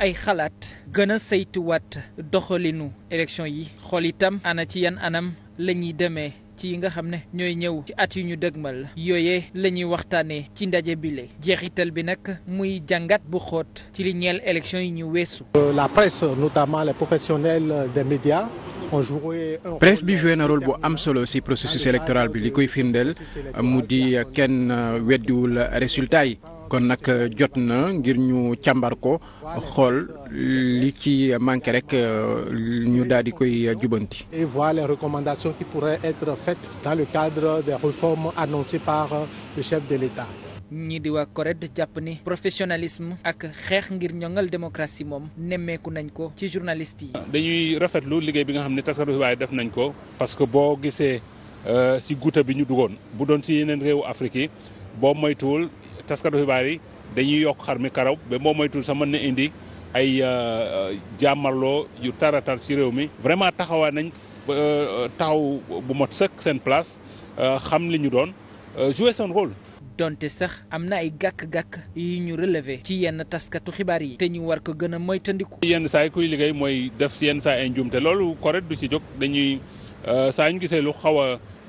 ay xalaat gën a saytuwaat doxalinu élection yi xool itam ana ci yan anam la ñuy demee ci yi nga xam ne ñooy ñëw ci at yu ñu dëgmal yooyee la ñuy waxtaanee ci ndaje bile jeexital bi nag muy jàngat bu xóot ci li ñeel élection yi ñu weesu. Euh, la presse notamment les professionnels des médias. presse bi joué na rôle bu am solo ci processus électoral bi li koy firndeel mu di kenn weddiwul résultat yi. kon nag euh, jot na ngir ñu càmbar ko xool li ci manqué rek euh, ñu daal di koy euh, jubanti. et voir les recommandations qui pourraient être faites dans le cadre des réformes annoncées par le chef de l'État. ñii di waa CORED jàpp ni professionalisme ak xeex ngir ñoŋal démocratie moom nemmeeku nañ ko ci journaliste yi. dañuy rafetlu liggéey bi nga xam ne taskatu xibaar def nañ ko parce que boo gisee si guuta bi ñu duggoon bu doon si yeneen réewu Afrique yi boo moytuwul taskatu xibaar yi dañuy yokk xar mi karaw ba boo moytul sama mën indi ay euh, jàmmarloo yu taratar ci réew mi vraiment taxawaa nañ euh, taxaw bu mot sëkk seen place euh, xam lañu doon jouer seen rôle donte sax am na ay gàkk-gàkk yi ñu relever ci yenn taskatu xibaar yi te ñu war ko gën a moytandiku yenn saa yi kuy liggéey mooy def si yenn saa ay njuumte loolu correct du ci jóg dañuy saa ñu gisee lu xaw a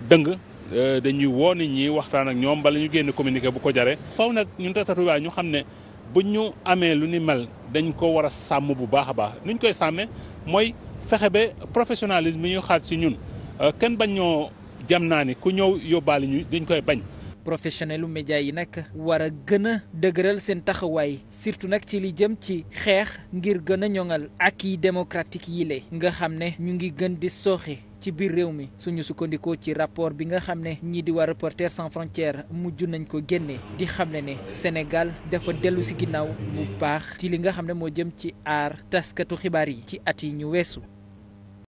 dëng Euh, dañuy woo nit ñi waxtaan ak ñoom bala ñu génn communiqué bu ko jaree. faw nag ñun Ratatouille ñu xam ne buñ ñu amee lu ni mel dañ ko war a sàmm bu baax a baax nuñ koy sàmmee mooy fexe ba professionnalisme yi ñu xaat si ñun euh, kenn bañ ñoo jam naa ni ku ñëw yóbbaale ñu dañ koy bañ. professionnelu média yi nag war a gën a dëgëral seen taxawaay surtout nag ci li jëm ci xeex ngir gën a ñoŋal ak yi démocratique yi le nga xam ne ñu ngi gën di sooxe. ci biir réew mi suñu sukkandiku ci rapport bi nga xam ne ñii di waa Reporters sans frontières mujj nañ ko génne di xam ne ne Sénégal dafa dellu si ginnaaw bu baax ci li nga xam ne moo jëm ci aar taskatu xibaar yi ci at yi ñu weesu.